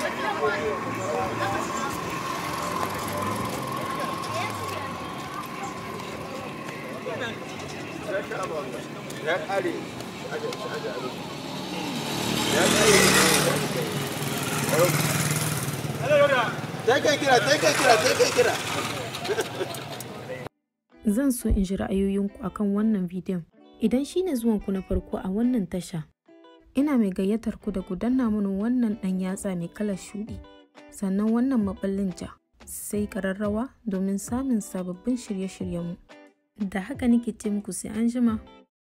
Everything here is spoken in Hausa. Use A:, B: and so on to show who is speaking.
A: Zan
B: so in ji ra'ayoyinku akan wannan bidiyon. Idan shine zuwanku na farko a wannan tasha, Ina mai gayyatar ku da ku danna mini wannan ɗan yatsa mai kalar shuɗi, sannan wannan maɓallin ja, sai ƙararrawa domin samun sababbin shirye-shiryenmu. Da haka nake ce muku sai an jima.